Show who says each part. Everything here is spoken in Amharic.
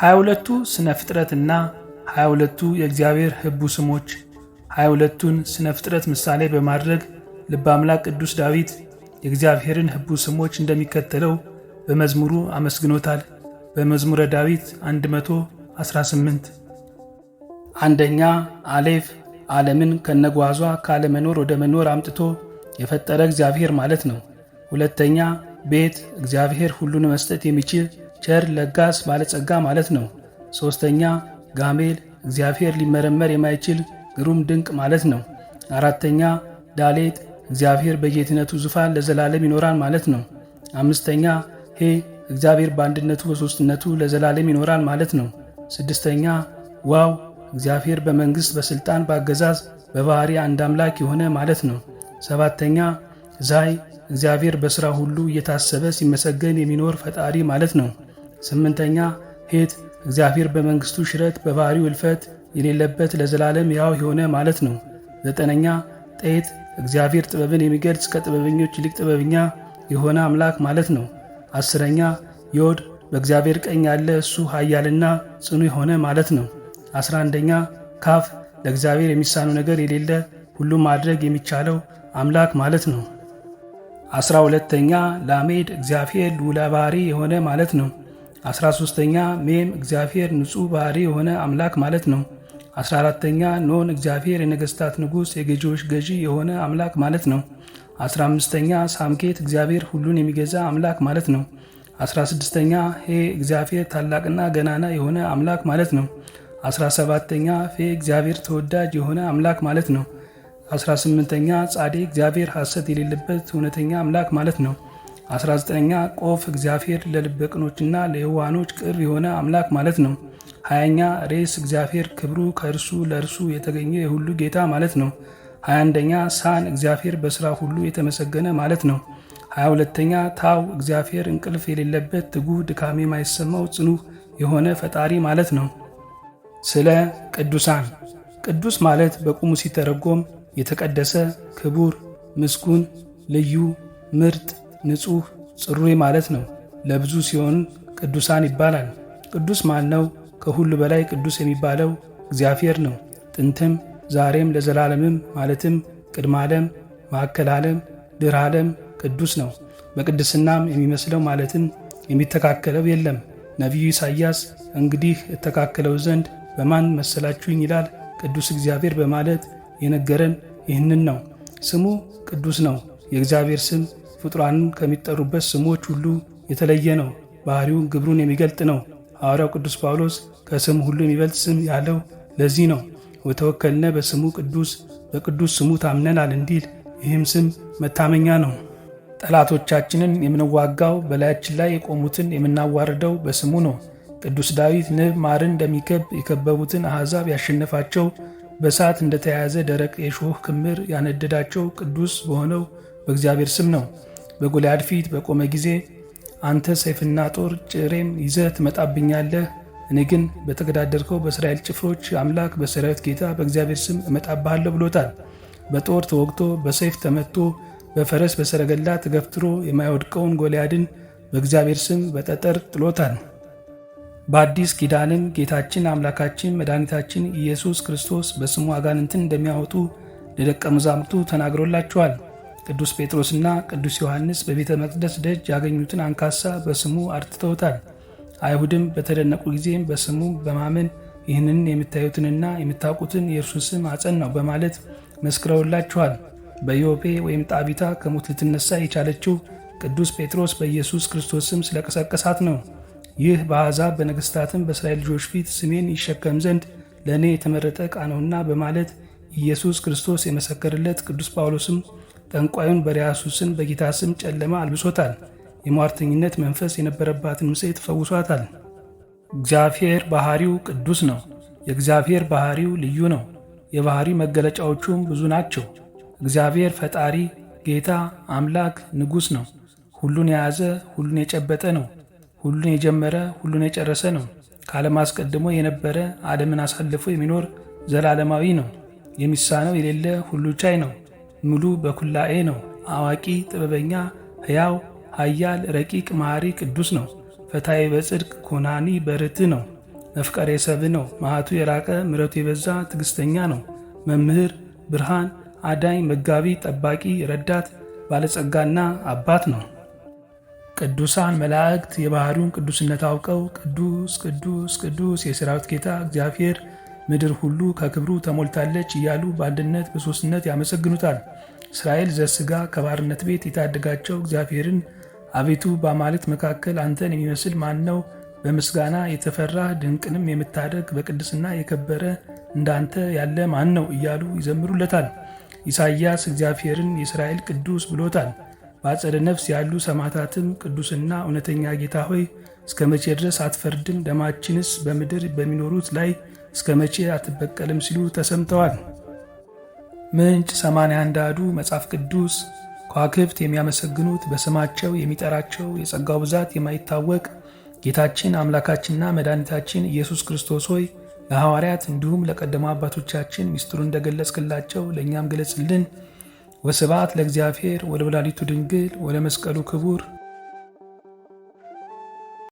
Speaker 1: ሀያ ሁለቱ ስነ ፍጥረትና ሀያ ሁለቱ የእግዚአብሔር ህቡ ስሞች ሀያ ሁለቱን ስነ ፍጥረት ምሳሌ በማድረግ ልበ አምላክ ቅዱስ ዳዊት የእግዚአብሔርን ህቡ ስሞች እንደሚከተለው በመዝሙሩ አመስግኖታል። በመዝሙረ ዳዊት 118 አንደኛ አሌፍ ዓለምን ከነጓዟ ካለመኖር ወደ መኖር አምጥቶ የፈጠረ እግዚአብሔር ማለት ነው። ሁለተኛ ቤት እግዚአብሔር ሁሉን መስጠት የሚችል ቸር ለጋስ ባለጸጋ ማለት ነው። ሦስተኛ ጋሜል እግዚአብሔር ሊመረመር የማይችል ግሩም ድንቅ ማለት ነው። አራተኛ ዳሌጥ እግዚአብሔር በጌትነቱ ዙፋን ለዘላለም ይኖራል ማለት ነው። አምስተኛ ሄ እግዚአብሔር በአንድነቱ በሦስትነቱ ለዘላለም ይኖራል ማለት ነው። ስድስተኛ ዋው እግዚአብሔር በመንግሥት በሥልጣን በአገዛዝ በባሕሪ አንድ አምላክ የሆነ ማለት ነው። ሰባተኛ ዛይ እግዚአብሔር በሥራ ሁሉ እየታሰበ ሲመሰገን የሚኖር ፈጣሪ ማለት ነው። ስምንተኛ ሄት እግዚአብሔር በመንግሥቱ ሽረት በባሕሪው እልፈት የሌለበት ለዘላለም ያው የሆነ ማለት ነው። ዘጠነኛ ጤት እግዚአብሔር ጥበብን የሚገልጽ ከጥበበኞች ይልቅ ጥበበኛ የሆነ አምላክ ማለት ነው። አስረኛ ዮድ በእግዚአብሔር ቀኝ ያለ እሱ ኃያልና ጽኑ የሆነ ማለት ነው። አስራ አንደኛ ካፍ ለእግዚአብሔር የሚሳነው ነገር የሌለ ሁሉም ማድረግ የሚቻለው አምላክ ማለት ነው። አስራ ሁለተኛ ላሜድ እግዚአብሔር ልዑለ የሆነ ማለት ነው። 13ተኛ ሜም እግዚአብሔር ንጹህ ባህሪ የሆነ አምላክ ማለት ነው። 14ተኛ ኖን እግዚአብሔር የነገስታት ንጉሥ የገዢዎች ገዢ የሆነ አምላክ ማለት ነው። 15ተኛ ሳምኬት እግዚአብሔር ሁሉን የሚገዛ አምላክ ማለት ነው። 16ተኛ ሄ እግዚአብሔር ታላቅና ገናና የሆነ አምላክ ማለት ነው። 17ተኛ ፌ እግዚአብሔር ተወዳጅ የሆነ አምላክ ማለት ነው። 18ተኛ ጻዴ እግዚአብሔር ሐሰት የሌለበት እውነተኛ አምላክ ማለት ነው። 19ኛ ቆፍ እግዚአብሔር ለልበ ቅኖችና ለየዋኖች ቅርብ የሆነ አምላክ ማለት ነው። ሀያኛ ሬስ እግዚአብሔር ክብሩ ከእርሱ ለእርሱ የተገኘ የሁሉ ጌታ ማለት ነው። ሀያ አንደኛ ሳን እግዚአብሔር በስራ ሁሉ የተመሰገነ ማለት ነው። ሀያ ሁለተኛ ታው እግዚአብሔር እንቅልፍ የሌለበት ትጉህ ድካም የማይሰማው ጽኑ የሆነ ፈጣሪ ማለት ነው። ስለ ቅዱሳን ቅዱስ ማለት በቁሙ ሲተረጎም የተቀደሰ፣ ክቡር፣ ምስጉን፣ ልዩ፣ ምርጥ ንጹሕ፣ ጽሩይ ማለት ነው። ለብዙ ሲሆን ቅዱሳን ይባላል። ቅዱስ ማን ነው? ከሁሉ በላይ ቅዱስ የሚባለው እግዚአብሔር ነው። ጥንትም ዛሬም ለዘላለምም ማለትም ቅድመ ዓለም፣ ማዕከል ዓለም፣ ድኅረ ዓለም ቅዱስ ነው። በቅድስናም የሚመስለው ማለትም የሚተካከለው የለም። ነቢዩ ኢሳይያስ እንግዲህ እተካከለው ዘንድ በማን መሰላችሁኝ ይላል ቅዱስ እግዚአብሔር በማለት የነገረን ይህንን ነው። ስሙ ቅዱስ ነው። የእግዚአብሔር ስም ፍጡራን ከሚጠሩበት ስሞች ሁሉ የተለየ ነው። ባህሪውን ግብሩን የሚገልጥ ነው። ሐዋርያው ቅዱስ ጳውሎስ ከስም ሁሉ የሚበልጥ ስም ያለው ለዚህ ነው። ወተወከልነ በስሙ ቅዱስ፣ በቅዱስ ስሙ ታምነናል እንዲል ይህም ስም መታመኛ ነው። ጠላቶቻችንን የምንዋጋው በላያችን ላይ የቆሙትን የምናዋርደው በስሙ ነው። ቅዱስ ዳዊት ንብ ማርን እንደሚከብ የከበቡትን አሕዛብ ያሸነፋቸው በእሳት እንደተያያዘ ደረቅ የሾህ ክምር ያነደዳቸው ቅዱስ በሆነው በእግዚአብሔር ስም ነው። በጎልያድ ፊት በቆመ ጊዜ አንተ ሰይፍና ጦር ጭሬም ይዘህ ትመጣብኛለህ፣ እኔ ግን በተገዳደርከው በእስራኤል ጭፍሮች አምላክ በሰራዊት ጌታ በእግዚአብሔር ስም እመጣብሃለሁ ብሎታል። በጦር ተወግቶ በሰይፍ ተመቶ፣ በፈረስ በሰረገላ ተገፍትሮ የማይወድቀውን ጎልያድን በእግዚአብሔር ስም በጠጠር ጥሎታል። በአዲስ ኪዳንም ጌታችን አምላካችን መድኃኒታችን ኢየሱስ ክርስቶስ በስሙ አጋንንትን እንደሚያወጡ ለደቀ መዛሙርቱ ተናግሮላቸዋል። ቅዱስ ጴጥሮስና ቅዱስ ዮሐንስ በቤተ መቅደስ ደጅ ያገኙትን አንካሳ በስሙ አርትተውታል። አይሁድም በተደነቁ ጊዜም በስሙ በማመን ይህንን የምታዩትንና የምታውቁትን የእርሱን ስም ነው በማለት መስክረውላችኋል። በኢዮጴ ወይም ጣቢታ ከሞት ልትነሳ የቻለችው ቅዱስ ጴጥሮስ በኢየሱስ ክርስቶስ ስም ስለቀሰቀሳት ነው። ይህ በአሕዛብ በነገሥታትም በእስራኤል ልጆች ፊት ስሜን ይሸከም ዘንድ ለእኔ የተመረጠ ዕቃ ነውና በማለት ኢየሱስ ክርስቶስ የመሰከርለት ቅዱስ ጳውሎስም ጠንቋዩን በሪያሱ ስም በጌታ ስም ጨለማ አልብሶታል። የሟርተኝነት መንፈስ የነበረባትን ሴት ፈውሷታል። እግዚአብሔር ባህሪው ቅዱስ ነው። የእግዚአብሔር ባህሪው ልዩ ነው። የባህሪ መገለጫዎቹም ብዙ ናቸው። እግዚአብሔር ፈጣሪ፣ ጌታ፣ አምላክ፣ ንጉሥ ነው። ሁሉን የያዘ ሁሉን የጨበጠ ነው። ሁሉን የጀመረ ሁሉን የጨረሰ ነው። ከዓለም አስቀድሞ የነበረ ዓለምን አሳልፎ የሚኖር ዘላለማዊ ነው። የሚሳነው የሌለ ሁሉ ቻይ ነው። ሙሉ በኩላኤ ነው። አዋቂ፣ ጥበበኛ፣ ሕያው፣ ኃያል፣ ረቂቅ፣ መሐሪ፣ ቅዱስ ነው። ፈታይ በጽድቅ ኮናኒ በርት ነው። መፍቀር የሰብ ነው። መሃቱ የራቀ ምረቱ የበዛ ትግስተኛ ነው። መምህር፣ ብርሃን፣ አዳኝ፣ መጋቢ፣ ጠባቂ፣ ረዳት፣ ባለጸጋና አባት ነው። ቅዱሳን መላእክት የባህሪውን ቅዱስነት አውቀው ቅዱስ ቅዱስ ቅዱስ የሠራዊት ጌታ እግዚአብሔር ምድር ሁሉ ከክብሩ ተሞልታለች እያሉ በአንድነት በሦስትነት ያመሰግኑታል። እስራኤል ዘስጋ ከባርነት ቤት የታደጋቸው እግዚአብሔርን አቤቱ በአማልክት መካከል አንተን የሚመስል ማን ነው? በምስጋና የተፈራ ድንቅንም የምታደርግ በቅድስና የከበረ እንዳንተ ያለ ማን ነው? እያሉ ይዘምሩለታል። ኢሳይያስ እግዚአብሔርን የእስራኤል ቅዱስ ብሎታል። በአጸደ ነፍስ ያሉ ሰማዕታትም ቅዱስና እውነተኛ ጌታ ሆይ እስከ መቼ ድረስ አትፈርድም? ደማችንስ በምድር በሚኖሩት ላይ እስከ መቼ አትበቀልም ሲሉ ተሰምተዋል። ምንጭ 81 አዱ መጽሐፍ ቅዱስ ከዋክብት የሚያመሰግኑት በስማቸው የሚጠራቸው የጸጋው ብዛት የማይታወቅ ጌታችን አምላካችንና መድኃኒታችን ኢየሱስ ክርስቶስ ሆይ ለሐዋርያት እንዲሁም ለቀደሙ አባቶቻችን ሚስጥሩ እንደገለጽክላቸው ለእኛም ገለጽልን። ወስብሐት ለእግዚአብሔር ወለወላዲቱ ድንግል ወለመስቀሉ ክቡር